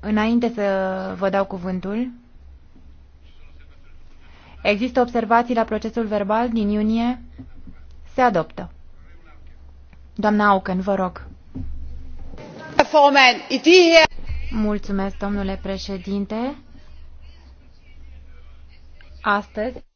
Înainte să vă dau cuvântul, există observații la procesul verbal din iunie? Se adoptă. Doamna Auken, vă rog. Mulțumesc, domnule președinte. Astăzi